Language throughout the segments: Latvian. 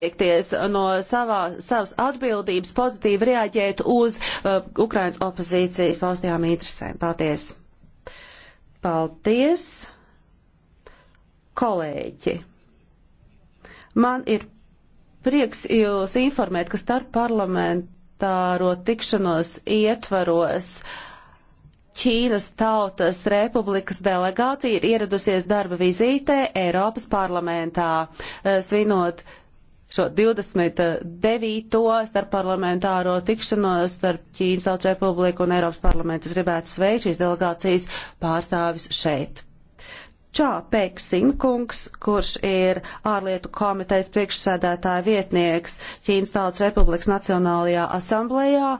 atteikties no savā, savas atbildības, pozitīvi reaģēt uz uh, Ukrainas opozīcijas paustajām interesēm. Paldies! Paldies, kolēģi! Man ir prieks jūs informēt, ka starp parlamentāro tikšanos ietvaros uh, Ķīnas Tautas Republikas delegācija ir ieradusies darba vizītē Eiropas parlamentā, uh, svinot šo 29. starpparlamentāro tikšanos starp Ķīnas Tautas Republiku un Eiropas parlamentu. Es gribētu sveikt šīs delegācijas pārstāvis šeit. Čā Peksinkungs, kurš ir ārlietu komitejas priekšsēdētāja vietnieks Ķīnas Tautas Republikas Nacionālajā asamblējā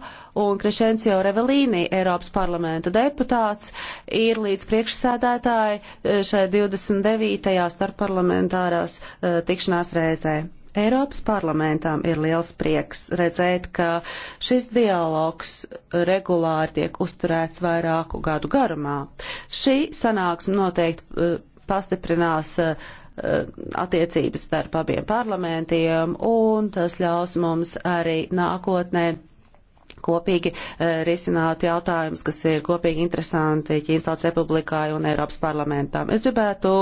un Krešencio Revelīni, Eiropas parlamenta deputāts, ir līdz priekšsēdētāji eh, šai 29. starpparlamentārās uh, tikšanās reizē. Eiropas parlamentam ir liels prieks redzēt, ka šis dialogs regulāri tiek uzturēts vairāku gadu garumā. Šī sanāksme noteikti eh, pastiprinās eh, attiecības starp abiem parlamentiem, un tas ļaus mums arī nākotnē kopīgi eh, risināt jautājumus, kas ir kopīgi interesanti Ķīnas tautas republikai un Eiropas parlamentam. Es gribētu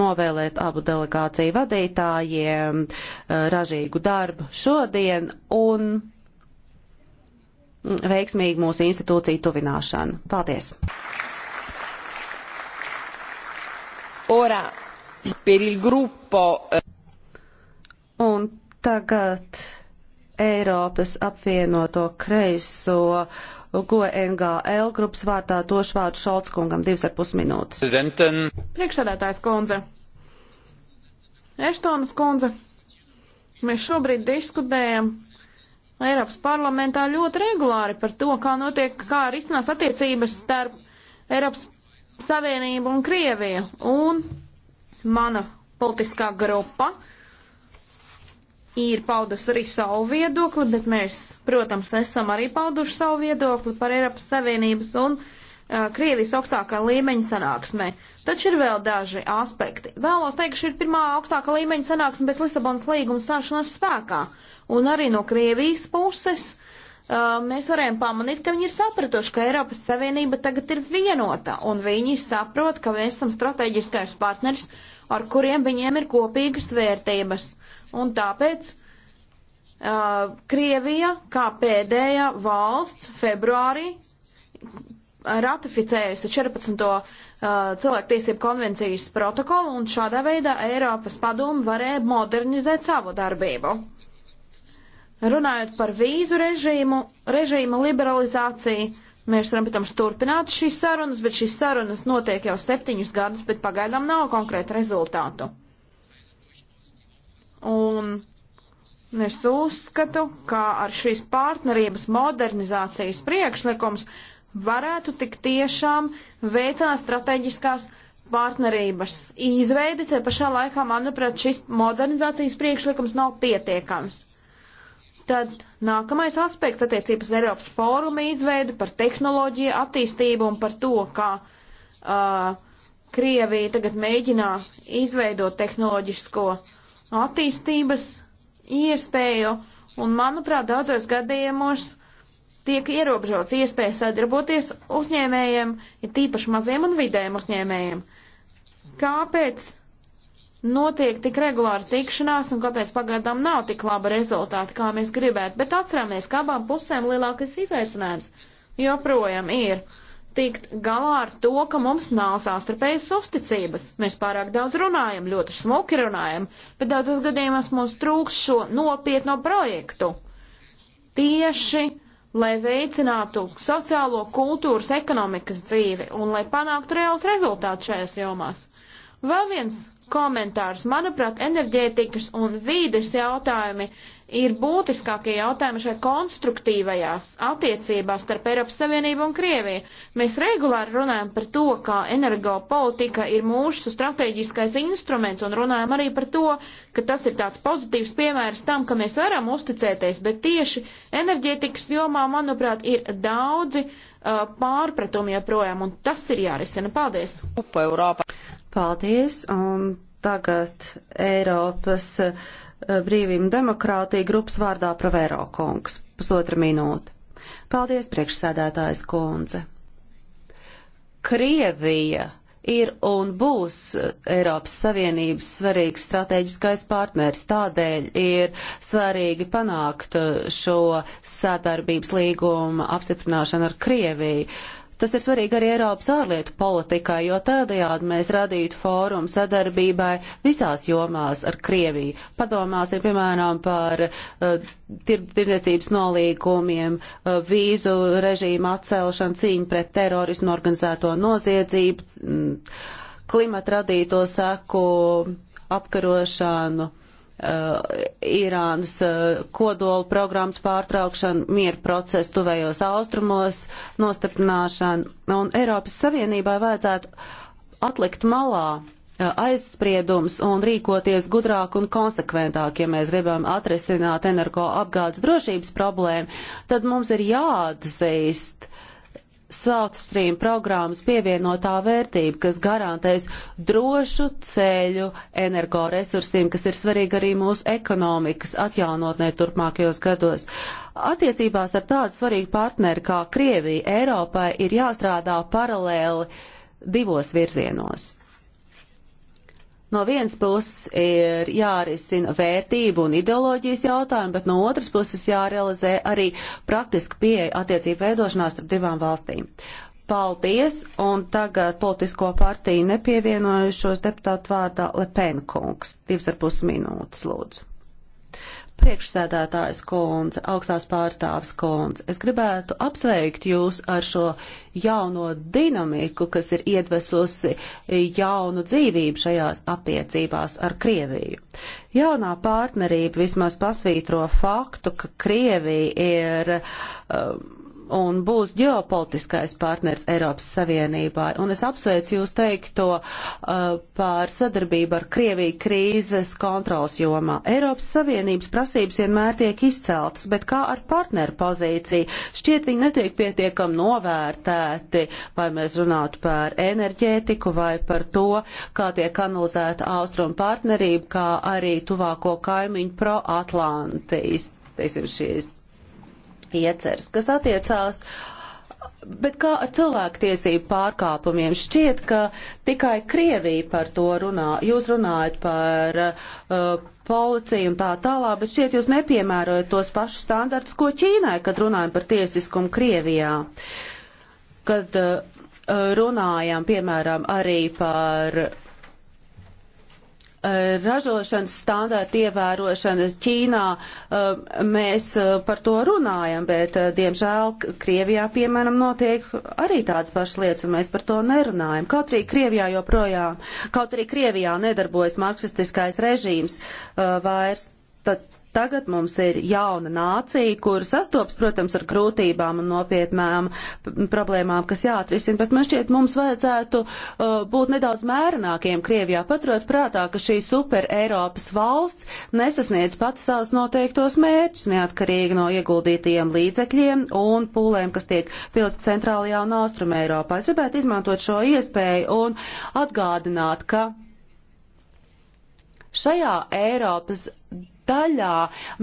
novēlēt abu delegāciju vadītājiem eh, ražīgu darbu šodien un veiksmīgu mūsu institūciju tuvināšanu. Paldies! Ora, per il gruppo. Eh, un tagad Eiropas apvienoto kreiso GNGL grupas vārtā došu vārdu Šolckungam divas ar pus minūtes. Priekšsēdētājs kundze. Eštonas kundze. Mēs šobrīd diskutējam Eiropas parlamentā ļoti regulāri par to, kā notiek, kā risinās attiecības starp Eiropas Savienību un Krieviju. Un mana politiskā grupa uh, ir paudusi arī savu viedokli, bet mēs, protams, esam arī pauduši savu viedokli par Eiropas Savienības un uh, Krievijas augstākā līmeņa sanāksmē. Taču ir vēl daži aspekti. Vēlos teikt, ka šī ir pirmā augstākā līmeņa sanāksme pēc Lisabonas līguma stāšanās spēkā. Un arī no Krievijas puses uh, mēs varējām pamanīt, ka viņi ir sapratuši, ka Eiropas Savienība tagad ir vienota, un viņi saprot, ka mēs esam strateģiskais partners, ar kuriem viņiem ir kopīgas vērtības Un tāpēc uh, Krievija, kā pēdējā valsts, februārī ratificējusi 14. Uh, cilvēktiesību konvencijas protokolu, un šādā veidā Eiropas padomu varēja modernizēt savu darbību. Runājot par vīzu režīmu, režīma liberalizāciju, mēs varam, protams, turpināt šīs sarunas, bet šīs sarunas notiek jau septiņus gadus, bet pagaidām nav konkrēta rezultātu. Un es uzskatu, ka ar šīs partnerības modernizācijas priekšlikums varētu tik tiešām veicināt strateģiskās partnerības izveidi, te pašā laikā, manuprāt, šis modernizācijas priekšlikums nav pietiekams. Tad nākamais aspekts attiecības uz Eiropas fóruma izveidu par tehnoloģiju attīstību un par to, kā uh, Krievija tagad mēģinā izveidot tehnoloģisko uh, attīstības iespēju, un, manuprāt, daudzos gadījumos tiek ierobežots iespēja sadarboties uzņēmējiem, ir tīpaši maziem un vidējiem uzņēmējiem. Kāpēc notiek tik regulāri tikšanās un kāpēc pagaidām nav tik laba rezultāta, kā mēs gribētu? Bet atceramies, ka abām pusēm lielākais izaicinājums joprojām ir tikt galā ar to, ka mums nav sāstarpējas uzticības. Mēs pārāk daudz runājam, ļoti smuki runājam, bet daudzos gadījumos mums trūks šo nopietno projektu. Tieši, lai veicinātu sociālo kultūras ekonomikas dzīvi un lai panāktu reāls rezultāts šajās jomās. Vēl viens komentārs. Manuprāt, enerģētikas un vīdes jautājumi ir būtiskākie jautājumi šai konstruktīvajās attiecībās starp Eiropas Savienību un Krieviju. Mēs regulāri runājam par to, ka energopolitika ir mūsu strateģiskais instruments un runājam arī par to, ka tas ir tāds pozitīvs piemērs tam, ka mēs varam uzticēties, bet tieši enerģētikas jomā, manuprāt, ir daudzi uh, pārpratumi joprojām un tas ir jārisina. Paldies! Upa Eiropa! Paldies! Un tagad Eiropas. Uh, Eh, brīvību un demokrātiju grupas vārdā Pravēro kungs. Pusotra minūte. Paldies, priekšsēdētājs kundze. Krievija ir un būs Eiropas Savienības svarīgs strateģiskais partners. Tādēļ ir svarīgi panākt šo sadarbības līgumu apstiprināšanu ar Krieviju. Uh, Tas ir svarīgi arī Eiropas ārlietu politikai, jo tādējādi mēs radītu fórumu sadarbībai visās jomās ar Krieviju. Padomāsim, piemēram, par uh, tir tirdzniecības nolīgumiem, uh, vīzu režīmu atcelšanu, cīņu pret terorismu, organizēto noziedzību, mm, klimata radīto seku apkarošanu Uh, Irānas uh, kodola programmas pārtraukšanu, mieru procesu tuvējos austrumos, nostiprināšanu. Un Eiropas Savienībai vajadzētu atlikt malā uh, aizspriedums un rīkoties gudrāk un konsekventāk. Ja mēs gribam atrisināt energo apgādes drošības problēmu, tad mums ir jāatzīst, South Stream programmas pievienotā vērtība, kas garantēs drošu ceļu energoresursiem, kas ir svarīgi arī mūsu ekonomikas atjaunotnē turpmākajos gados. Attiecībās ar tādu svarīgu partneri kā Krievija Eiropai ir jāstrādā paralēli divos virzienos. No vienas puses ir jārisina vērtību un ideoloģijas jautājumi, bet no otras puses jārealizē arī praktiska pieeja attiecību veidošanās starp divām valstīm. Paldies, un tagad politisko partiju nepievienojušos deputātu vārdā Lepenkungs. Divas ar pus minūtes, lūdzu. Priekšsēdētājs kundze, augstās pārstāvs kundze, es gribētu apsveikt jūs ar šo jauno dinamiku, kas ir iedvesusi jaunu dzīvību šajās attiecībās ar Krieviju. Jaunā partnerība vismaz pasvītro faktu, ka Krievija ir. Um, un būs ģeopolitiskais partners Eiropas Savienībai. Un es apsveicu jūs teikto uh, par sadarbību ar Krieviju krīzes kontrols jomā. Eiropas Savienības prasības vienmēr tiek izceltas, bet kā ar partneru pozīciju? Šķiet, viņi netiek pietiekam novērtēti, vai mēs runātu par enerģētiku vai par to, kā tiek analizēta austrumu partnerība, kā arī tuvāko kaimiņu pro Atlantijas, teiksim, šīs ieceres, kas attiecās. Bet kā ar cilvēktiesību pārkāpumiem? Šķiet, ka tikai Krievija par to runā. Jūs runājat par uh, policiju un tā tālāk, bet šķiet jūs nepiemērojat tos pašus standartus, ko Ķīnai, kad runājam par tiesiskumu Krievijā. Kad uh, runājam, piemēram, arī par Eh, ražošanas standārtu ievērošana Ķīnā, eh, mēs eh, par to runājam, bet, diemžēl, Krievijā, piemēram, notiek arī tāds pašs lietas, un mēs par to nerunājam. Kaut arī Krievijā joprojām, kaut arī Krievijā nedarbojas marksistiskais režīms vairs, tad Tagad mums ir jauna nācija, kur sastops, protams, ar grūtībām un nopietnām problēmām, kas jāatrisina, bet man šķiet, mums vajadzētu uh, būt nedaudz mērenākiem Krievijā, paturot prātā, ka šī super Eiropas valsts nesasniedz pats savus noteiktos mērķus, neatkarīgi no ieguldītajiem līdzekļiem un pūlēm, kas tiek pilts centrālajā un austrumē Eiropā. Es gribētu izmantot šo iespēju un atgādināt, ka šajā Eiropas daļā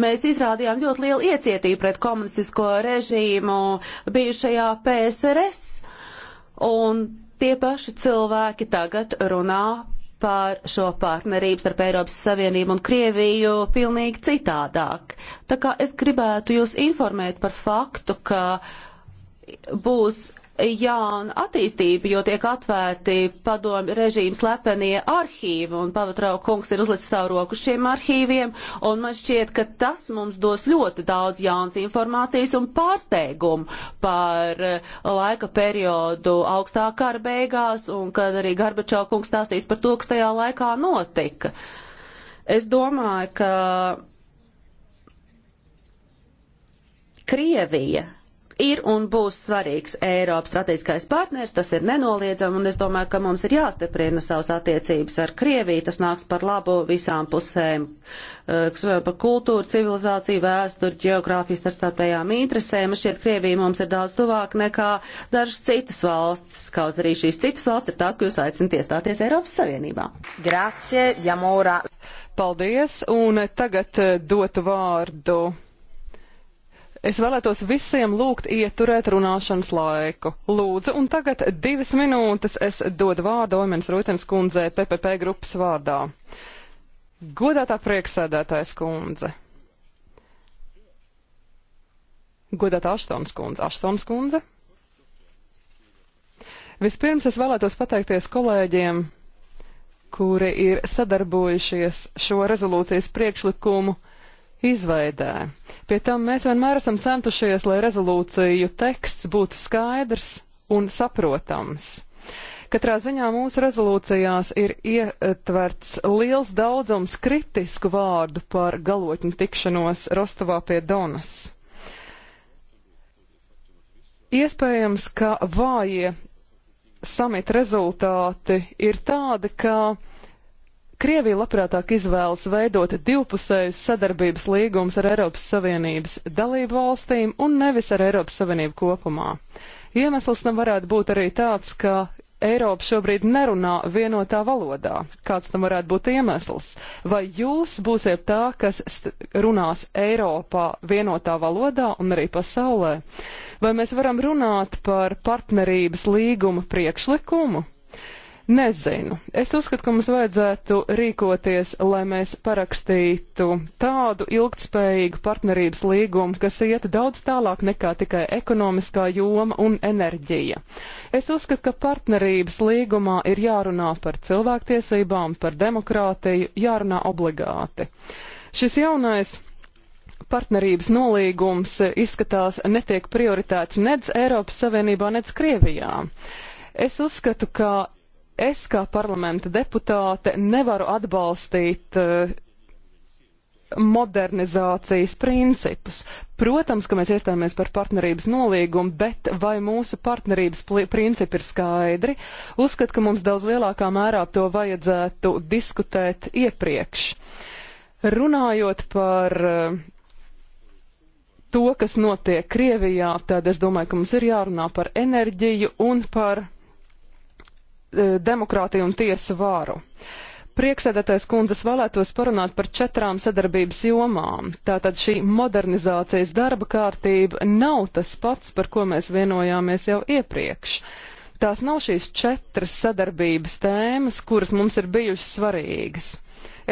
mēs izrādījām ļoti lielu iecietību pret komunistisko režīmu bijušajā PSRS. Un tie paši cilvēki tagad runā par šo partnerību starp Eiropas Savienību un Krieviju pilnīgi citādāk. Tā kā es gribētu jūs informēt par faktu, ka būs jauna attīstība, jo tiek atvērti padomu režīmu slepenie arhīvi, un pavatrau kungs ir uzlicis savu roku šiem arhīviem, un man šķiet, ka tas mums dos ļoti daudz jaunas informācijas un pārsteigumu par eh, laika periodu augstā kara beigās, un kad arī Garbačau kungs stāstīs par to, kas tajā laikā notika. Es domāju, ka Krievija ir un būs svarīgs Eiropas strateģiskais partners, tas ir nenoliedzami, un es domāju, ka mums ir jāstiprina savas attiecības ar Krieviju, tas nāks par labu visām pusēm, eh, kas vēl par kultūru, civilizāciju, vēsturi, geogrāfiju, starptautējām interesēm. Šķiet, Krievija mums ir daudz tuvāk nekā dažas citas valstis, kaut arī šīs citas valstis ir tās, ko jūs aicinat iestāties Eiropas Savienībā. Grazie, Jamora. Paldies, un tagad eh, dotu vārdu Es vēlētos visiem lūgt ieturēt runāšanas laiku. Lūdzu, un tagad divas minūtes es dodu vārdu Oimens Rūtens kundzē PPP grupas vārdā. Godātā prieksēdētājs kundze. Godātā Aštons kundze. Aštons kundze. Vispirms es vēlētos pateikties kolēģiem, kuri ir sadarbojušies šo rezolūcijas priekšlikumu izveidē. Pie tam mēs vienmēr esam centušies, lai rezolūciju teksts būtu skaidrs un saprotams. Katrā ziņā mūsu rezolūcijās ir ietverts liels daudzums kritisku vārdu par galotņu tikšanos Rostovā pie Donas. Iespējams, ka vājie samita rezultāti ir tādi, ka Krievija labprātāk izvēlas veidot divpusējus sadarbības līgumus ar Eiropas Savienības dalību valstīm un nevis ar Eiropas Savienību kopumā. Iemesls tam varētu būt arī tāds, ka Eiropa šobrīd nerunā vienotā valodā. Kāds tam varētu būt iemesls? Vai jūs būsiet tā, kas runās Eiropā vienotā valodā un arī pasaulē? Vai mēs varam runāt par partnerības līguma priekšlikumu? Nezinu. Es uzskatu, ka mums vajadzētu rīkoties, lai mēs parakstītu tādu ilgtspējīgu partnerības līgumu, kas iet daudz tālāk nekā tikai ekonomiskā joma un enerģija. Es uzskatu, ka partnerības līgumā ir jārunā par cilvēktiesībām, par demokrātiju, jārunā obligāti. Šis jaunais partnerības nolīgums izskatās netiek prioritēts nedz Eiropas Savienībā, nedz Krievijā. Es uzskatu, ka es kā parlamenta deputāte nevaru atbalstīt uh, modernizācijas principus. Protams, ka mēs iestājāmies par partnerības nolīgumu, bet vai mūsu partnerības principi ir skaidri? Uzskat, ka mums daudz lielākā mērā to vajadzētu diskutēt iepriekš. Runājot par uh, to, kas notiek Krievijā, tad es domāju, ka mums ir jārunā par enerģiju un par Eh, demokrātiju un tiesu varu. Priekšsēdētais kundzes vēlētos parunāt par četrām sadarbības jomām. Tātad šī modernizācijas darba kārtība nav tas pats, par ko mēs vienojāmies jau iepriekš. Tās nav šīs četras sadarbības tēmas, kuras mums ir bijušas svarīgas.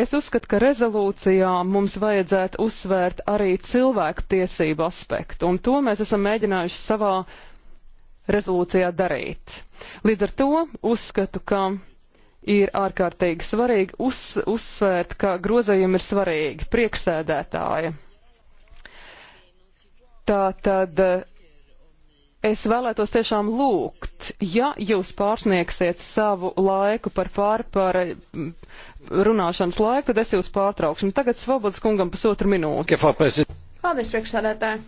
Es uzskatu, ka rezolūcijā mums vajadzētu uzsvērt arī cilvēku tiesību aspektu, un to mēs esam mēģinājuši savā rezolūcijā darīt. Līdz ar to uzskatu, ka ir ārkārtīgi svarīgi uz, uzsvērt, ka grozējumi ir svarīgi priekšsēdētāji. Tā tad eh, es vēlētos tiešām lūgt, ja jūs pārsniegsiet savu laiku par pāri par mm, runāšanas laiku, tad es jūs pārtraukšu. Nu, tagad Svobodas kungam pusotru minūti. Paldies, priekšsēdētāji.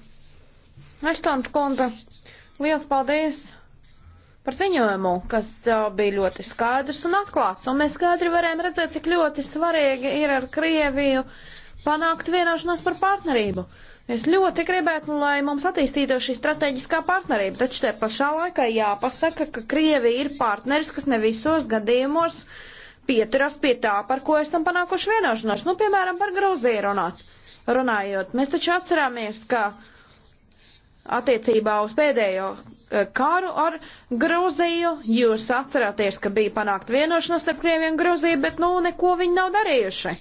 Aštons kundze, Liels paldies par ziņojumu, kas bija ļoti skaidrs un atklāts, un mēs skaidri varējām redzēt, cik ļoti svarīgi ir ar Krieviju panākt vienošanos par partnerību. Es ļoti gribētu, lai mums attīstītos šī strateģiskā partnerība, taču te pašā laikā jāpasaka, ka Krievija ir partneris, kas ne visos gadījumos pieturas pie tā, par ko esam panākuši vienošanos. Nu, piemēram, par Grūziju runāt. runājot. Mēs taču atcerāmies, ka uh, attiecībā uz pēdējo eh, karu ar Grūziju. Jūs atceraties, ka bija panākt vienošanās starp Krieviju un Grūziju, bet nu neko viņi nav darījuši.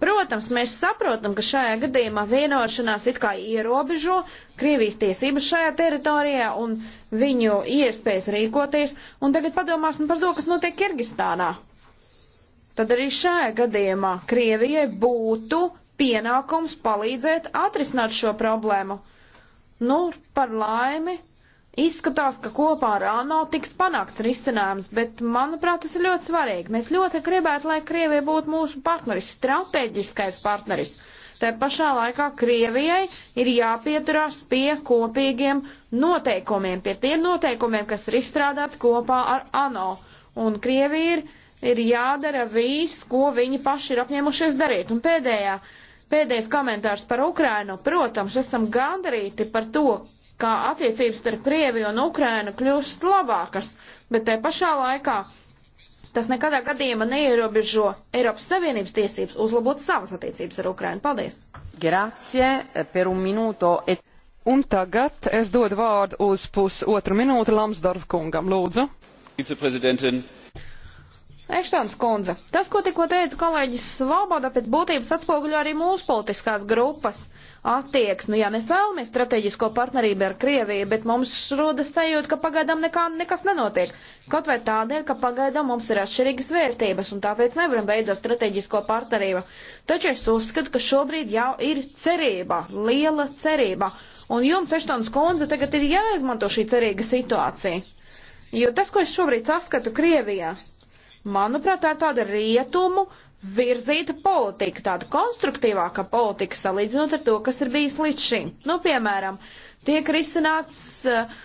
Protams, mēs saprotam, ka šajā gadījumā vienošanās it kā ierobežo Krievijas tiesības šajā teritorijā un viņu iespējas rīkoties, un tagad padomāsim par to, kas notiek Kirgistānā. Tad arī šajā gadījumā Krievijai būtu pienākums palīdzēt atrisināt šo problēmu. Nu, par laimi, izskatās, ka kopā ar ANO tiks panākts risinājums, bet, manuprāt, tas ir ļoti svarīgi. Mēs ļoti gribētu, lai Krievija būtu mūsu partneris, strateģiskais partneris. Te pašā laikā Krievijai ir jāpieturās pie kopīgiem noteikumiem, pie tiem noteikumiem, kas ir izstrādāti kopā ar ANO. Un Krievija ir, ir jādara viss, ko viņi paši ir apņēmušies darīt. Un pēdējā uh, Pēdējais komentārs par Ukrainu. Protams, esam gandarīti par to, kā attiecības starp Krieviju un Ukrainu kļūst labākas, bet te pašā laikā tas nekadā gadījumā neierobežo Eiropas Savienības tiesības uzlabot savas attiecības ar Ukrainu. Paldies! Grazie per un minuto. Et... Un tagad es dodu vārdu uz pusotru minūti Lamsdorf kungam, lūdzu. Viceprezidentin, uh, Eštons kundze, tas, ko tikko teica kolēģis Svoboda, pēc būtības atspoguļo arī mūsu politiskās grupas attieksmi. Jā, mēs vēlamies strateģisko partnerību ar Krieviju, bet mums rodas sajūta, ka pagaidām nekā, nekas nenotiek. Kaut vai tādēļ, ka pagaidām mums ir atšķirīgas vērtības un tāpēc nevaram veidot strateģisko partnerību. Taču es uzskatu, ka šobrīd jau ir cerība, liela cerība. Un jums, Eštons kundze, tagad ir jāizmanto šī cerīga situācija. Jo tas, ko es šobrīd saskatu Krievijā, Manuprāt, tā ir tāda rietumu virzīta politika, tāda konstruktīvāka politika salīdzinot ar to, kas ir bijis līdz šim. Nu, piemēram, tiek risināts uh,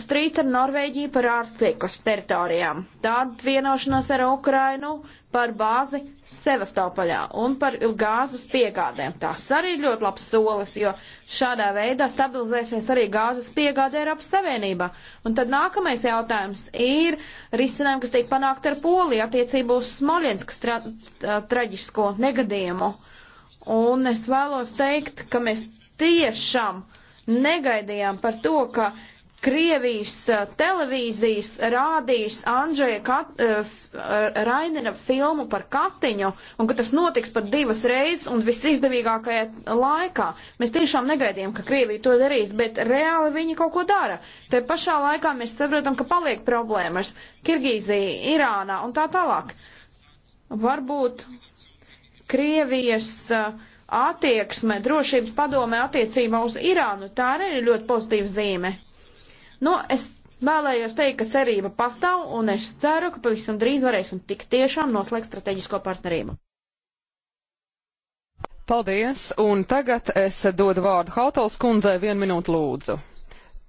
strīds ar Norvēģiju par ārtikas teritorijām, tad vienošanās ar Ukrainu par bāzi Sevastopaļā un par gāzes piegādēm. Tas arī ir ļoti labs solis, jo šādā veidā stabilizēsies arī gāzes piegāde Eiropas Savienībā. Un tad nākamais jautājums ir risinājumi, kas tiek panākt ar Poliju attiecībā uz Smolenskas tra traģisko negadījumu. Un es vēlos teikt, ka mēs tiešām negaidījām par to, ka Krievijas uh, televīzijas rādījis Andžēja Kat, uh, uh, Rainera filmu par Katiņu, un ka tas notiks pat divas reizes un visizdevīgākajā laikā. Mēs tiešām negaidījām, ka Krievija to darīs, bet reāli viņi kaut ko dara. Te pašā laikā mēs saprotam, ka paliek problēmas Kirgīzija, Irānā un tā tālāk. Varbūt Krievijas uh, attieksme drošības padomē attiecībā uz Irānu, tā arī ir ļoti pozitīva zīme. Nu, es vēlējos teikt, ka cerība pastāv, un es ceru, ka pavisam drīz varēsim tik tiešām noslēgt strateģisko partnerību. Paldies, un tagad es dodu vārdu Hautals kundzei vienu minūtu lūdzu.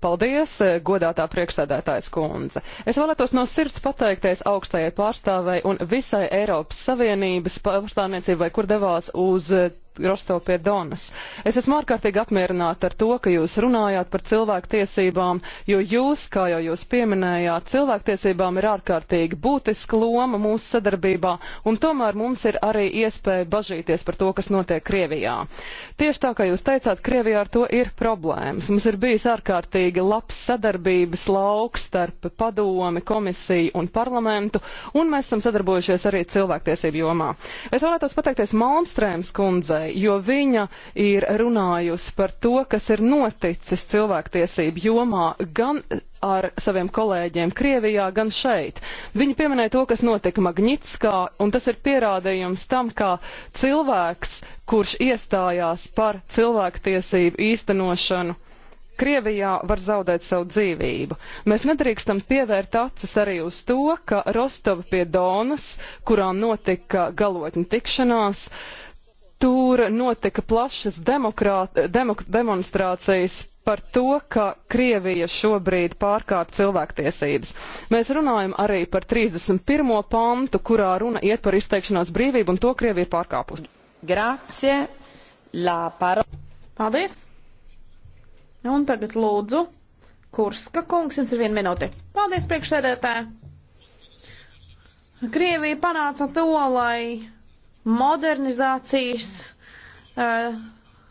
Paldies, godātā priekšsēdētājas kundze. Es vēlētos no sirds pateikties augstajai pārstāvei un visai Eiropas Savienības pārstāvniecībai, kur devās uz Rosto pie Donas. Es esmu ārkārtīgi apmierināta ar to, ka jūs runājāt par cilvēktiesībām, jo jūs, kā jau jūs pieminējāt, cilvēktiesībām ir ārkārtīgi būtiska loma mūsu sadarbībā, un tomēr mums ir arī iespēja bažīties par to, kas notiek Krievijā. Tieši tā, kā jūs teicāt, Krievijā ar to ir problēmas. Mums ir bijis ārkārtīgi labs sadarbības lauks starp padomi, komisiju un parlamentu, un mēs esam sadarbojušies arī cilvēktiesību jomā. Es vēlētos pateikties Malmstrēms kundzei kundzei, jo viņa ir runājusi par to, kas ir noticis cilvēktiesību jomā gan ar saviem kolēģiem Krievijā, gan šeit. Viņa pieminēja to, kas notika Magnitskā, un tas ir pierādījums tam, kā cilvēks, kurš iestājās par cilvēktiesību īstenošanu Krievijā var zaudēt savu dzīvību. Mēs nedrīkstam pievērt acis arī uz to, ka Rostova pie Donas, kurā notika galotņu tikšanās, uh, Tur notika plašas demokrāt, demok, demonstrācijas par to, ka Krievija šobrīd pārkāp cilvēktiesības. Mēs runājam arī par 31. pantu, kurā runa iet par izteikšanās brīvību, un to Krievija ir pārkāpusi. Grācie, la paro. Paldies! Un tagad lūdzu, Kurska kungs, jums ir viena minūte. Paldies, priekšsēdētāji! Krievija panāca to, lai modernizācijas uh,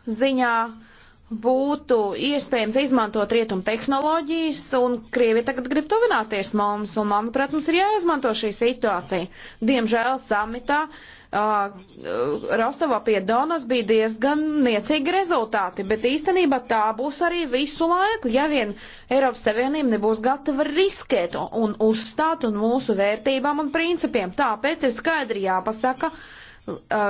ziņā būtu iespējams izmantot rietumu tehnoloģijas, un Krievija tagad grib tuvināties mums, un, manuprāt, mums ir jāizmanto šī situācija. Diemžēl samitā uh, Rostovā pie Donas bija diezgan niecīgi rezultāti, bet īstenībā tā būs arī visu laiku, ja vien Eiropas Savienība nebūs gatava riskēt un uzstāt un mūsu vērtībām un principiem. Tāpēc ir skaidri jāpasaka, uh,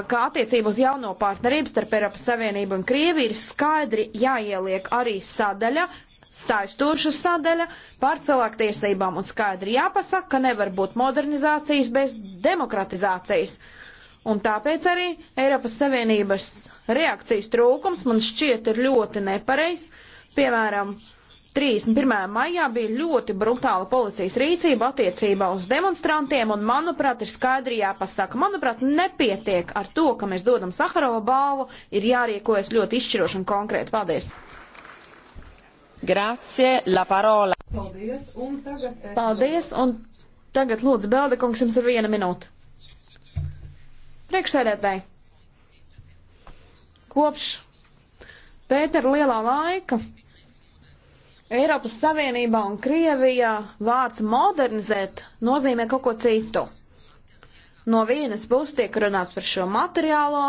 ka attiecību uz jauno partnerību starp Eiropas Savienību un Krieviju ir skaidri jāieliek arī sadaļa, saistoša sadaļa par cilvēktiesībām un skaidri jāpasaka, ka nevar būt modernizācijas bez demokratizācijas. Un tāpēc arī Eiropas Savienības reakcijas trūkums man šķiet ir ļoti nepareizs. Piemēram, uh, 31. maijā bija ļoti brutāla policijas rīcība attiecībā uz demonstrantiem, un, manuprāt, ir skaidri jāpasaka, manuprāt, nepietiek ar to, ka mēs dodam Saharova balvu, ir jārīkojas ļoti izšķiroši un konkrēti. Paldies! Grazie, la parola! Paldies, un tagad, Paldies, un tagad lūdzu, Beldekungs, jums ir viena minūte. Priekšsēdētāji, kopš Pētera lielā laika Eiropas Savienībā un Krievijā vārds modernizēt nozīmē kaut ko citu. No vienas puses tiek runāts par šo materiālo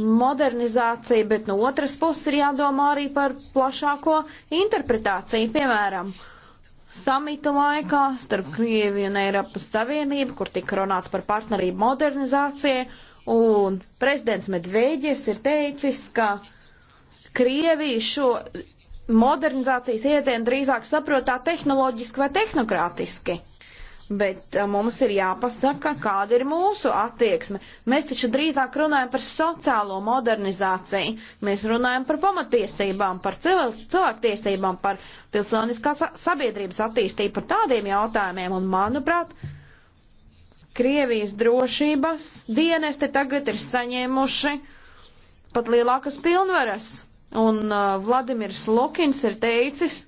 modernizāciju, bet no otras puses ir jādomā arī par plašāko interpretāciju, piemēram, samita laikā starp Krieviju un Eiropas Savienību, kur tika runāts par partnerību modernizācijai, un prezidents Medvēģievs ir teicis, ka Krievija šo modernizācijas iedzienu drīzāk saprot tā tehnoloģiski vai tehnokrātiski. Bet uh, mums ir jāpasaka, kāda ir mūsu attieksme. Mēs taču drīzāk runājam par sociālo modernizāciju, mēs runājam par pamatiesībām, par cil cilvēktiesībām, par pilsoniskās sabiedrības attīstību, par tādiem jautājumiem. Un, manuprāt, Krievijas drošības dienesti tagad ir saņēmuši pat lielākas pilnvaras Un uh, Vladimirs Lukins ir teicis,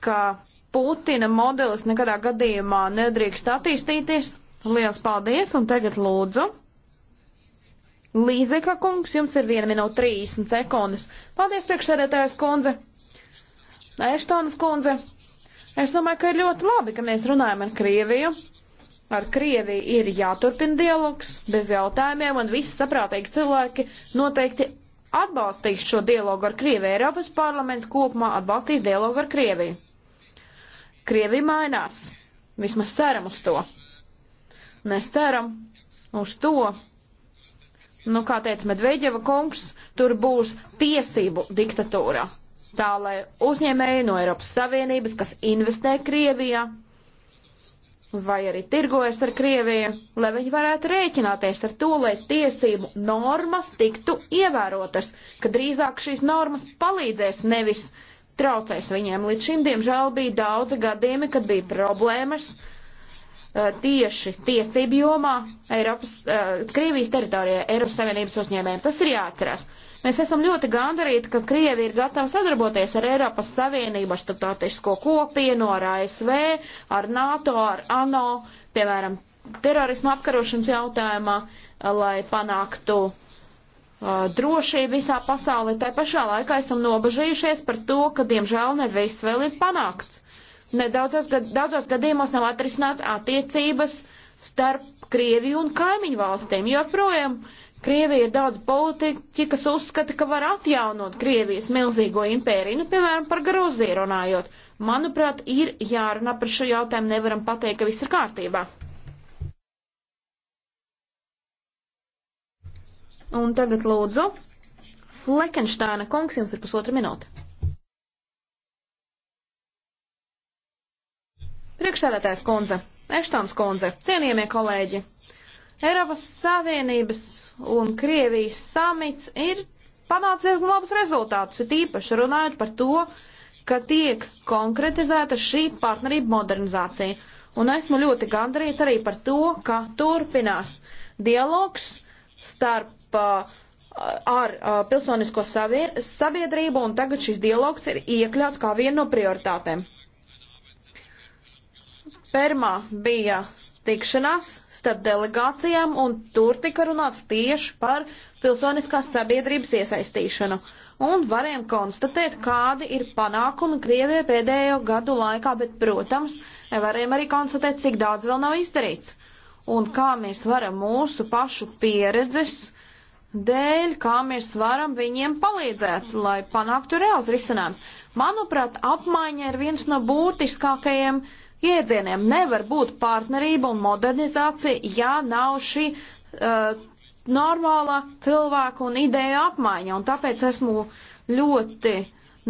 ka Putina modelis nekadā gadījumā nedrīkst attīstīties. Liels paldies, un tagad lūdzu. Līzeka kungs, jums ir 1 minūte 30 sekundes. Paldies, priekšsēdētājas kundze. Eštonas kundze. Es domāju, ka ir ļoti labi, ka mēs runājam ar Krieviju. Ar Krieviju ir jāturpina dialogs bez jautājumiem, un visi saprātīgi cilvēki noteikti atbalstīs šo dialogu ar Krieviju. Eiropas parlaments kopumā atbalstīs dialogu ar Krieviju. Krievija mainās. Vismaz ceram uz to. Mēs ceram uz to. Nu, kā teica Medveģeva kungs, tur būs tiesību diktatūra. Tā lai uzņēmēji no Eiropas Savienības, kas investē Krievijā, vai arī tirgojas ar Krieviju, lai viņi varētu rēķināties ar to, lai tiesību normas tiktu ievērotas, ka drīzāk šīs normas palīdzēs nevis traucēs viņiem. Līdz šim, diemžēl, bija daudzi gadījumi, kad bija problēmas uh, tieši tiesību jomā Eiropas, uh, Krievijas teritorijā Eiropas Savienības uzņēmējiem. Tas ir jāatcerās. Uh, Mēs esam ļoti gandarīti, ka Krievi ir gatavi sadarboties ar Eiropas Savienību, ar starptautisko kopienu, ar ASV, ar NATO, ar ANO, piemēram, terorismu apkarošanas jautājumā, lai panāktu uh, drošība visā pasaulē. Tā pašā laikā esam nobežījušies par to, ka, diemžēl, ne viss vēl ir panākts. Ne daudzos, gad, daudzos gadījumos nav atrisināts attiecības starp Krieviju un kaimiņu valstīm. Joprojām Krievija ir daudz politiķi, kas uzskata, ka var atjaunot Krievijas milzīgo impēriju, nu, piemēram, par Gruziju runājot. Manuprāt, ir jārunā par šo jautājumu, nevaram pateikt, ka viss ir kārtībā. Un tagad lūdzu, Fleckensteina kungs, jums ir pusotra minūte. Priekšsēdētājs kundze, Eštons kundze, cienījamie kolēģi, Eiropas Savienības un Krievijas samits ir panācis labus rezultātus, ir īpaši runājot par to, ka tiek konkretizēta šī partnerība modernizācija. Un esmu ļoti gandarīts arī par to, ka turpinās dialogs starp uh, ar uh, pilsonisko sabiedrību, un tagad šis dialogs ir iekļauts kā viena no prioritātēm. Permā bija tikšanās starp delegācijām, un tur tika runāts tieši par pilsoniskās sabiedrības iesaistīšanu. Un varējām konstatēt, kādi ir panākumi Krievijai pēdējo gadu laikā, bet, protams, varējām arī konstatēt, cik daudz vēl nav izdarīts. Un kā mēs varam mūsu pašu pieredzes dēļ, kā mēs varam viņiem palīdzēt, lai panāktu reāls risinājums. Manuprāt, apmaiņa ir viens no būtiskākajiem uh, iedzieniem. Nevar būt partnerība un modernizācija, ja nav šī uh, normāla cilvēku un ideja apmaiņa. Un tāpēc esmu ļoti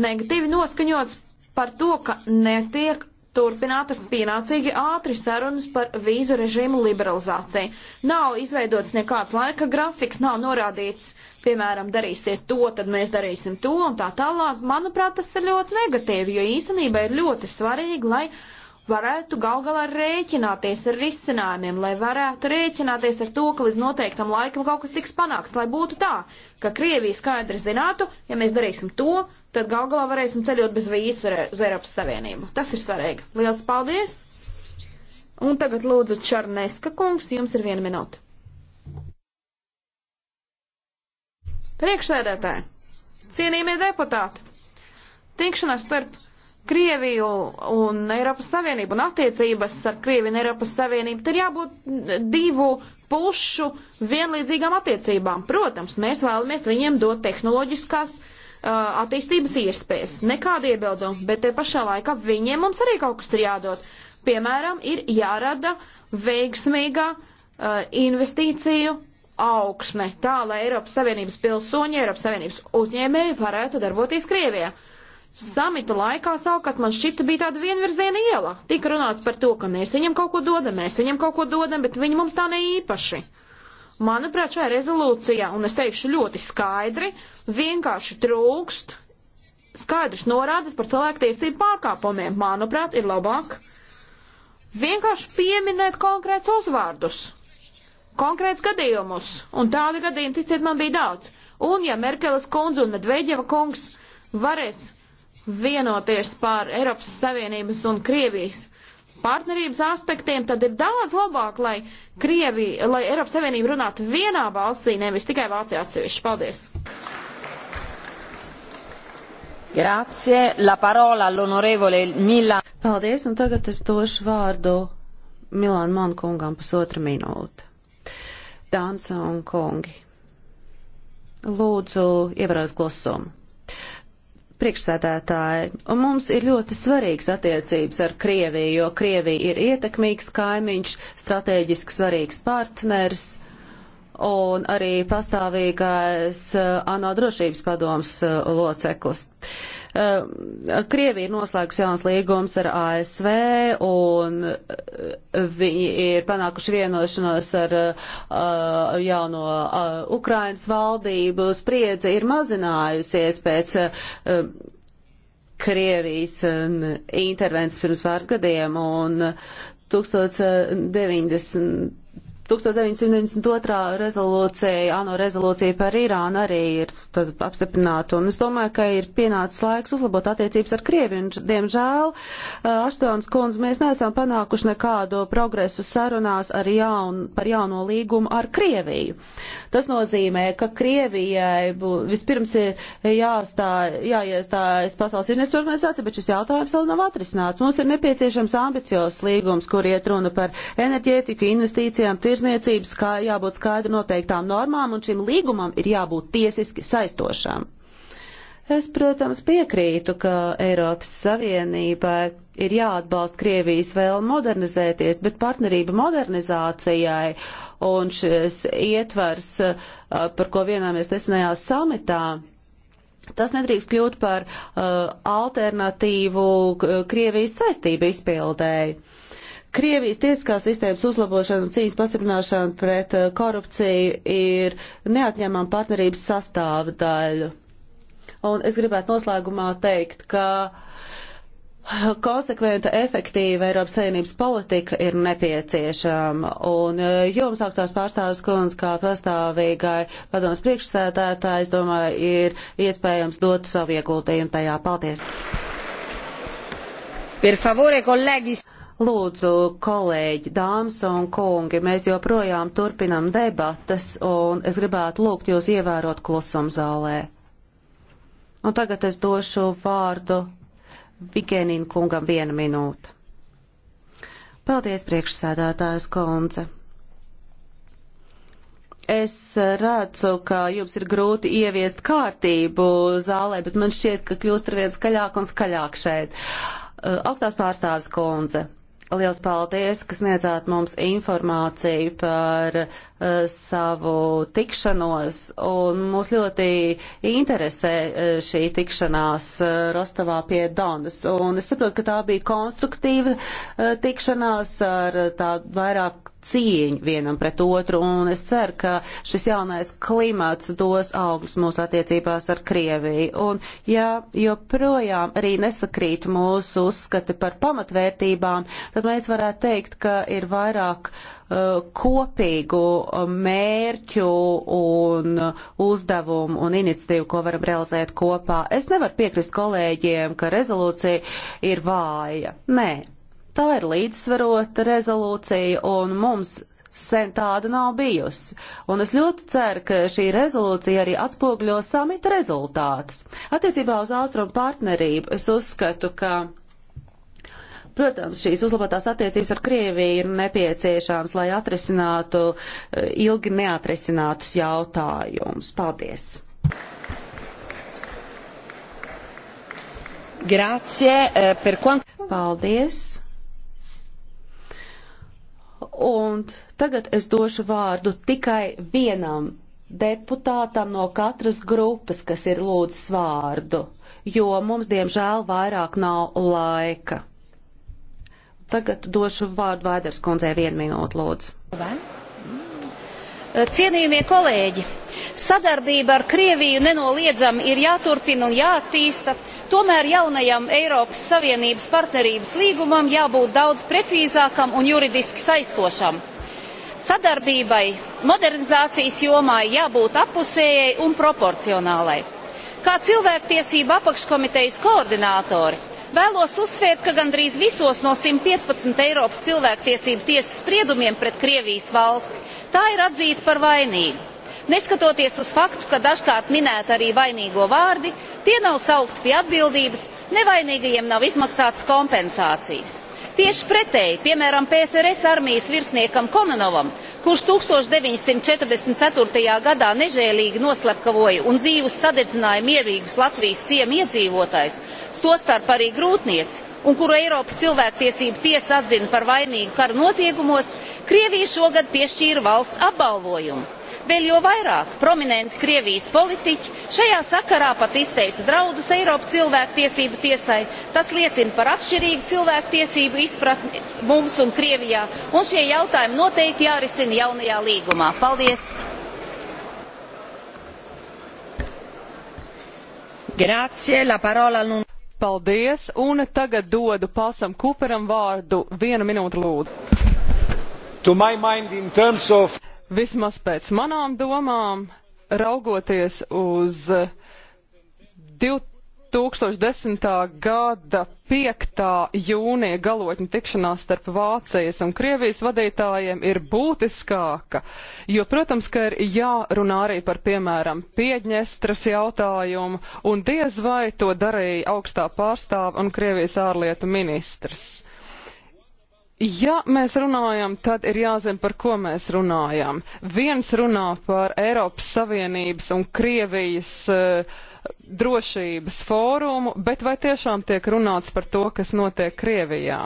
negatīvi noskaņots par to, ka netiek turpinātas pienācīgi ātri sarunas par vīzu režīmu liberalizāciju. Nav izveidots nekāds laika grafiks, nav norādīts, piemēram, darīsiet to, tad mēs darīsim to un tā tālāk. Manuprāt, tas ir ļoti negatīvi, jo īstenībā ir ļoti svarīgi, lai varētu gal galā rēķināties ar risinājumiem, lai varētu rēķināties ar to, ka līdz noteiktam laikam kaut kas tiks panāks, lai būtu tā, ka Krievija skaidri zinātu, ja mēs darīsim to, tad gal galā varēsim ceļot bez vīzu uz Eiropas Savienību. Tas ir svarīgi. Lielas paldies! Un tagad lūdzu Čarneska kungs, jums ir viena minūte. Priekšsēdētāji, cienījamie deputāti, tikšanās starp Krieviju un Eiropas Savienību un attiecības ar Krieviju un Eiropas Savienību, tad jābūt divu pušu vienlīdzīgām attiecībām. Protams, mēs vēlamies viņiem dot tehnoloģiskās uh, attīstības iespējas, nekādu iebildumu, bet te pašā laikā viņiem mums arī kaut kas ir jādod. Piemēram, ir jārada veiksmīgā uh, investīciju augsne, tā lai Eiropas Savienības pilsoņi, Eiropas Savienības uzņēmēji varētu darboties Krievijā. Uh, Samita laikā savukārt man šķita bija tāda vienvirziena iela. Tika runāts par to, ka mēs viņam kaut ko dodam, mēs viņam kaut ko dodam, bet viņi mums tā ne īpaši. Manuprāt, šajā rezolūcijā, un es teikšu ļoti skaidri, vienkārši trūkst skaidrs norādes par cilvēktiesību pārkāpumiem. Manuprāt, ir labāk vienkārši pieminēt konkrēts uzvārdus, konkrēts gadījumus, un tādi gadījumi, ticiet, man bija daudz. Un ja Merkeles kundze un Medveģeva kungs varēs vienoties par Eiropas Savienības un Krievijas partnerības aspektiem, tad ir daudz labāk, lai, Krievi, lai Eiropas Savienība runātu vienā valstī, nevis tikai Vācijā atsevišķi. Paldies! Grazie, la parola all'onorevole Milan. Paldies, un tagad es došu vārdu Milānu Mankungam pusotra minūte. Dāmas un kungi, lūdzu, ievērot klusumu priekšsēdētāji, un mums ir ļoti svarīgs attiecības ar Krieviju, jo Krievija ir ietekmīgs kaimiņš, strateģiski svarīgs partners un arī pastāvīgais eh, ANO drošības padoms eh, loceklis. Eh, Krievija ir noslēgusi jauns līgums ar ASV un viņi ir panākuši vienošanos ar uh, jauno uh, Ukrainas valdību. Spriedze ir mazinājusies pēc uh, Krievijas intervences pirms pāris gadiem un 1090 1992. rezolūcija, ANO rezolūcija par Irānu arī ir apstiprināta, un es domāju, ka ir pienācis laiks uzlabot attiecības ar Krieviju, un diemžēl, Aštons kundze, mēs neesam panākuši nekādu progresu sarunās ar jaun, par jauno līgumu ar Krieviju. Tas nozīmē, ka Krievijai vispirms ir jāstāj, jāiestājas pasaules investu organizācija, bet šis jautājums vēl nav atrisināts. Mums ir nepieciešams ambiciozs līgums, kur iet runa par enerģētiku, investīcijām, tirs tirzniecības, kā jābūt skaidri noteiktām normām, un šim līgumam ir jābūt tiesiski saistošām. Es, protams, piekrītu, ka Eiropas Savienībai ir jāatbalsta Krievijas vēl modernizēties, bet partnerība modernizācijai un šis ietvers, uh, par ko vienāmies nesenajā samitā, tas nedrīkst kļūt par uh, alternatīvu uh, Krievijas saistību izpildēju. Krievijas tiesiskā sistēmas uzlabošana un cīņas pastiprināšana pret uh, korupciju ir neatņemama partnerības sastāvdaļa. Un es gribētu noslēgumā teikt, ka uh, konsekventa, efektīva Eiropas Savienības politika ir nepieciešama. Un uh, jums augstās pārstāvis kundz kā pastāvīgai padomas priekšsēdētāji, es domāju, ir iespējams dot savu ieguldījumu tajā. Paldies! Per favore, kolēģis! Lūdzu, kolēģi, dāmas un kungi, mēs joprojām turpinam debatas, un es gribētu lūgt jūs ievērot klusumu zālē. Un tagad es došu vārdu Vigēnīnu kungam vienu minūtu. Paldies, priekšsēdētājs Konce. Es redzu, ka jums ir grūti ieviest kārtību zālē, bet man šķiet, ka kļūst ar vien skaļāk un skaļāk šeit. Uh, augstās pārstāvis Konce. Liels paldies, ka sniedzāt mums informāciju par uh, savu tikšanos, un mūs ļoti interesē uh, šī tikšanās uh, Rostovā pie Donas. Un es saprotu, ka tā bija konstruktīva uh, tikšanās ar tā vairāk cieņu vienam pret otru, un es ceru, ka šis jaunais klimats dos augsts mūsu attiecībās ar Krieviju. Un, ja joprojām arī nesakrīt mūsu uzskati par pamatvērtībām, tad mēs varētu teikt, ka ir vairāk uh, kopīgu uh, mērķu un uzdevumu un iniciatīvu, ko varam realizēt kopā. Es nevaru piekrist kolēģiem, ka rezolūcija ir vāja. Nē, Tā ir līdzsvarota rezolūcija, un mums sen tāda nav bijusi. Un es ļoti ceru, ka šī rezolūcija arī atspogļo samita rezultātus. Attiecībā uz austrumu partnerību es uzskatu, ka. Protams, šīs uzlabotās attiecības ar Krieviju ir nepieciešams, lai atrisinātu eh, ilgi neatrisinātus jautājumus. Paldies! Grācie, eh, per quanto... Paldies! Un tagad es došu vārdu tikai vienam deputātam no katras grupas, kas ir lūdzis vārdu, jo mums, diemžēl, vairāk nav laika. Tagad došu vārdu Vaiders kundzei vienu minūtu, lūdzu. Cienījamie kolēģi! Sadarbība ar Krieviju nenoliedzami ir jāturpina un jāattīsta, tomēr jaunajam Eiropas Savienības partnerības līgumam jābūt daudz precīzākam un juridiski saistošam. Sadarbībai modernizācijas jomā jābūt apusējai un proporcionālai. Kā cilvēktiesība apakškomitejas koordinātori vēlos uzsvērt, ka gandrīz visos no 115 Eiropas cilvēktiesību tiesas spriedumiem pret Krievijas valsti tā ir atzīta par vainīgu neskatoties uz faktu ka dažkārt minēti arī vainīgo vārdi tie nav saukti pie atbildības nevainīgajiem nav izmaksātas kompensācijas. Tieši pretēji, piemēram, PSRS armijas virsniekam Kononovam, kurš 1944. gadā nežēlīgi noslepkavoja un dzīvus sadedzināja mierīgus Latvijas ciemu iedzīvotājus, tostarp arī grūtnieci, un kuru Eiropas cilvēktiesība tiesa atzina par vainīgu kara noziegumos, Krievija šogad piešķīra valsts apbalvojumu. Vēl jo vairāk prominenti Krievijas politiķi šajā sakarā pat izteica draudus Eiropas cilvēktiesību tiesai. Tas liecina par atšķirīgu cilvēktiesību izpratni mums un Krievijā, un šie jautājumi noteikti jārisina jaunajā līgumā. Paldies! Grazie, la parola nun... Paldies, un tagad dodu Pasam Kuperam vārdu. Vienu minūtu lūdzu. To my mind, in terms of Vismaz pēc manām domām, raugoties uz 2010. gada 5. jūnija galotņu tikšanās starp Vācijas un Krievijas vadītājiem ir būtiskāka, jo, protams, ka ir jārunā arī par, piemēram, Piedņestras jautājumu, un diez vai to darīja augstā pārstāva un Krievijas ārlietu ministrs. Ja mēs runājam, tad ir jāzina, par ko mēs runājam. Viens runā par Eiropas Savienības un Krievijas uh, drošības fórumu, bet vai tiešām tiek runāts par to, kas notiek Krievijā?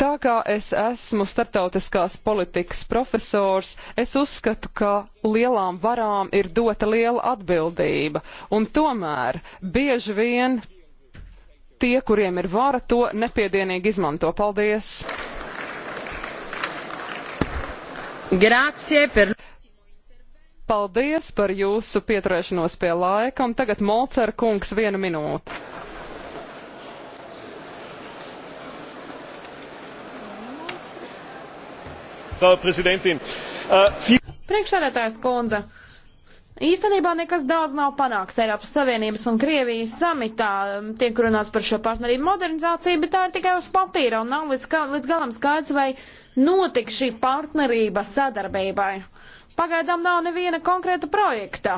Tā kā es esmu starptautiskās politikas profesors, es uzskatu, ka lielām varām ir dota liela atbildība, un tomēr bieži vien tie, kuriem ir vara, to nepiedienīgi izmanto. Paldies! Per... Paldies par jūsu pieturēšanos pie laika, un tagad Molcer kungs viena minūte. Äh, Priekšsēdētājs kundze, Īstenībā nekas daudz nav panāks Eiropas Savienības un Krievijas samitā. Tiek runāts par šo partnerību modernizāciju, bet tā ir tikai uz papīra un nav līdz, kā, līdz galam skaidrs, vai notiks šī partnerība sadarbībai. Pagaidām nav neviena konkrēta projekta.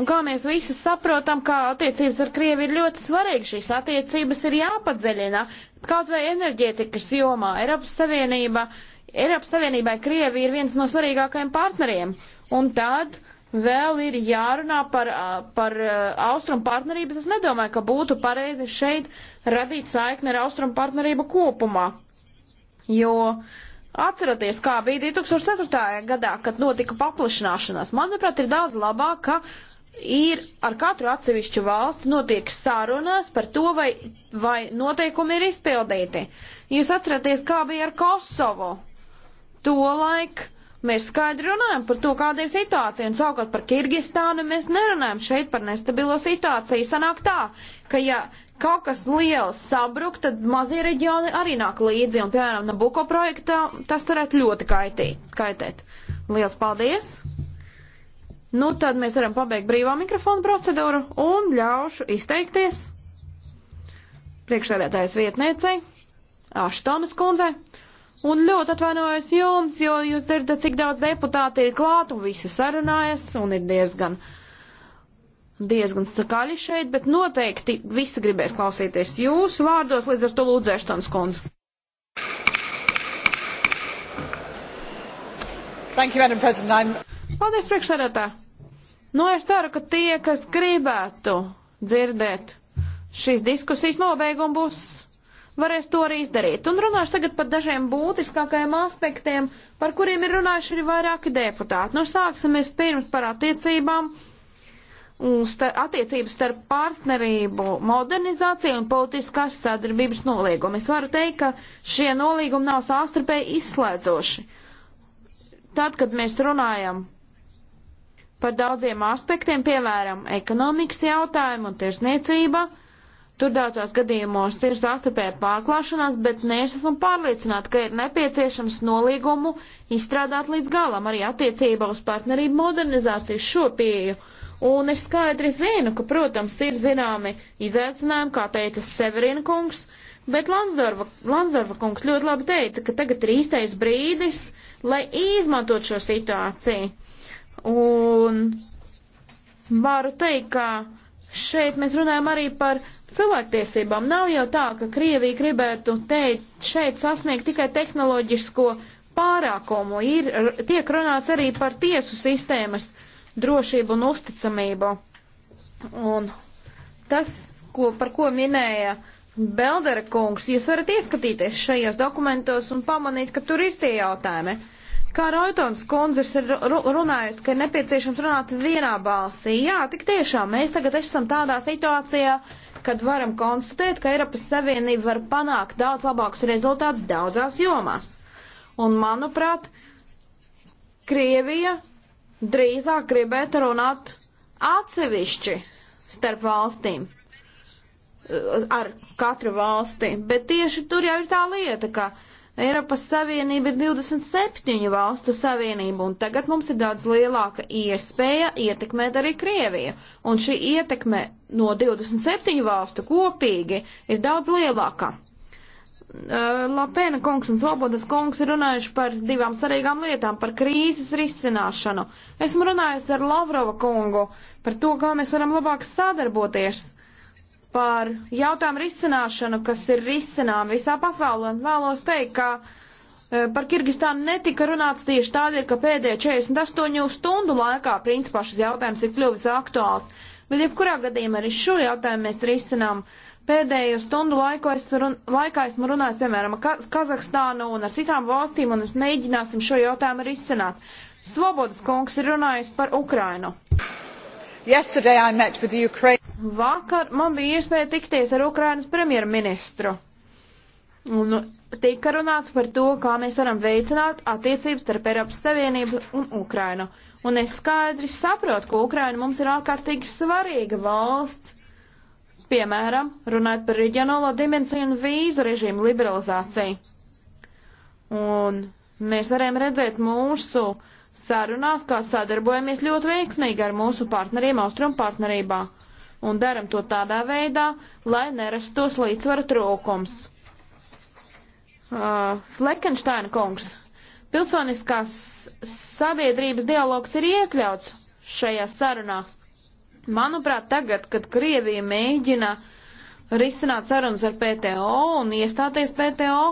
Un kā mēs visi saprotam, ka attiecības ar Krievi ir ļoti svarīgas, šīs attiecības ir jāpadzeļina, kaut vai enerģētikas jomā. Eiropas Savienība, Eiropas Savienībai Krievi ir viens no svarīgākajiem partneriem. Un tad vēl ir jārunā par, par austrumu partnerību. Es nedomāju, ka būtu pareizi šeit radīt saikni ar austrumu partnerību kopumā. Jo atceraties, kā bija 2004. gadā, kad notika paplašināšanās. Manuprāt, ir daudz labāk, ka ir ar katru atsevišķu valstu notiek sarunas par to, vai, vai noteikumi ir izpildīti. Jūs atceraties, kā bija ar Kosovo. Tolaik Mēs skaidri runājam par to, kāda ir situācija, un savukārt par Kirgistānu mēs nerunājam šeit par nestabilo situāciju. Sanāk tā, ka ja kaut kas liels sabruk, tad mazie reģioni arī nāk līdzi, un, piemēram, Nabuko projektā tas varētu ļoti kaitīt, kaitēt. Liels paldies! Nu, tad mēs varam pabeigt brīvā mikrofona procedūru un ļaušu izteikties priekšsēdētājas vietniecei Aštonas kundzei. Un ļoti atvainojos jums, jo jūs dzirdat, cik daudz deputāti ir klāt un visi sarunājas un ir diezgan, diezgan sakaļi šeit, bet noteikti visi gribēs klausīties jūsu vārdos, līdz ar to lūdzēšanas kundze. Thank you, Madam President. I'm... Paldies, priekšsēdētā. Nu, es ceru, ka tie, kas gribētu dzirdēt šīs diskusijas nobeigumu, būs varēs to arī izdarīt. Un runāšu tagad par dažiem būtiskākajiem aspektiem, par kuriem ir runājuši arī vairāki deputāti. Nu, sāksimies pirms par attiecībām. Star, attiecības starp partnerību modernizāciju un politiskās sadarbības nolīgumu. Es varu teikt, ka šie nolīgumi nav sāstarpēji izslēdzoši. Tad, kad mēs runājam par daudziem aspektiem, piemēram, ekonomikas jautājumu un tirsniecība, uh, Tur daudzos gadījumos ir sastarpēja pārklāšanās, bet mēs esam pārliecināti, ka ir nepieciešams nolīgumu izstrādāt līdz galam arī attiecībā uz partnerību modernizācijas šo pieju. Un es skaidri zinu, ka, protams, ir zināmi izaicinājumi, kā teica Severina kungs, bet Lansdorva, Lansdorva kungs ļoti labi teica, ka tagad ir īstais brīdis, lai izmantot šo situāciju. Un varu teikt, ka šeit mēs runājam arī par cilvēktiesībām. Nav jau tā, ka Krievija gribētu teikt šeit sasniegt tikai tehnoloģisko pārākumu. Ir, tiek runāts arī par tiesu sistēmas drošību un uzticamību. Un tas, ko, par ko minēja Beldera kungs, jūs varat ieskatīties šajos dokumentos un pamanīt, ka tur ir tie jautājumi. Kā Roitons kundzes ir runājis, ka ir nepieciešams runāt vienā balsī. Jā, tik tiešām mēs tagad esam tādā situācijā, kad varam konstatēt, ka Eiropas Savienība var panākt daudz labākus rezultātus daudzās jomās. Un, manuprāt, Krievija drīzāk gribētu runāt atsevišķi starp valstīm, ar katru valsti. Bet tieši tur jau ir tā lieta, ka Eiropas Savienība ir 27 valstu savienība, un tagad mums ir daudz lielāka iespēja ietekmēt arī Krieviju. Un šī ietekme no 27 valstu kopīgi ir daudz lielāka. Uh, Lapēna kungs un Svobodas kungs ir runājuši par divām svarīgām lietām, par krīzes risināšanu. Esmu runājusi ar Lavrova kungu par to, kā mēs varam labāk sadarboties par jautājumu risināšanu, kas ir risinām visā pasaulē, un vēlos teikt, ka e, par Kirgistānu netika runāts tieši tādēļ, ka pēdējo 48 stundu laikā principā šis jautājums ir kļuvis aktuāls. Bet jebkurā gadījumā arī šo jautājumu mēs risinām. Pēdējo stundu laiku es run, laikā esmu runājis, piemēram, ar Kazahstānu un ar citām valstīm, un mēs mēģināsim šo jautājumu risināt. Svobodas kungs ir runājis par Ukrainu. Vakar man bija iespēja tikties ar Ukrainas premjerministru. Un tika runāts par to, kā mēs varam veicināt attiecības starp Eiropas Savienību un Ukrainu. Un es skaidri saprotu, ka Ukraina mums ir ārkārtīgi svarīga valsts. Piemēram, runājot par reģionālo dimensiju un vīzu režīmu liberalizāciju. Un mēs varējām redzēt mūsu uh, sarunās, kā sadarbojamies ļoti veiksmīgi ar mūsu partneriem Austrum partnerībā un daram to tādā veidā, lai nerastos līdzsvara trūkums. Uh, Fleckensteina kungs, pilsoniskās sabiedrības dialogs ir iekļauts šajās sarunās. Manuprāt, tagad, kad Krievija mēģina risināt sarunas ar PTO un iestāties PTO,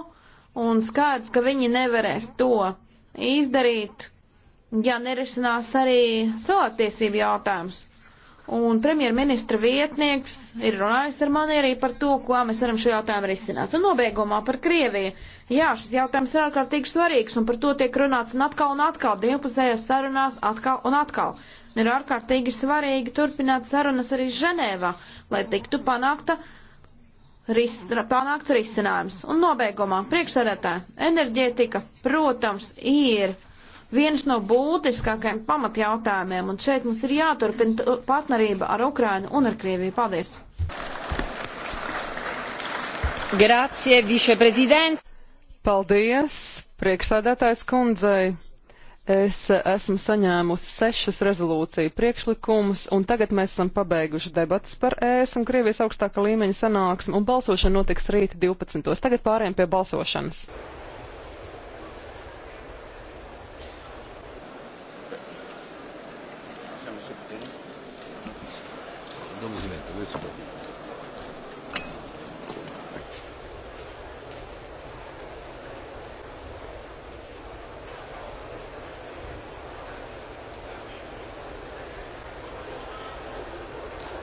un skaidrs, ka viņi nevarēs to izdarīt, ja nerisinās arī cilvēktiesību jautājums. Un premjerministra vietnieks ir runājis ar mani arī par to, kā mēs varam šo jautājumu risināt. Un nobeigumā par Krieviju. Jā, šis jautājums ir ārkārtīgi svarīgs, un par to tiek runāts un atkal un atkal, divpusējās sarunās atkal un atkal. Ir ārkārtīgi svarīgi turpināt sarunas arī Ženēvā, lai tiktu panākta ris, panākts risinājums. Un nobeigumā priekšsēdētāji, enerģētika, protams, ir viens no būtiskākajiem pamatjautājumiem, un šeit mums ir jāturpina partnerība ar Ukrainu un ar Krieviju. Paldies! Grazie, viceprezident! Paldies, priekšsādātājs kundzei! Es esmu saņēmusi sešas rezolūciju priekšlikumus, un tagad mēs esam pabeiguši debatas par ES un Krievijas augstāka līmeņa sanāksmu, un balsošana notiks rīt 12. Tagad pāriem pie balsošanas.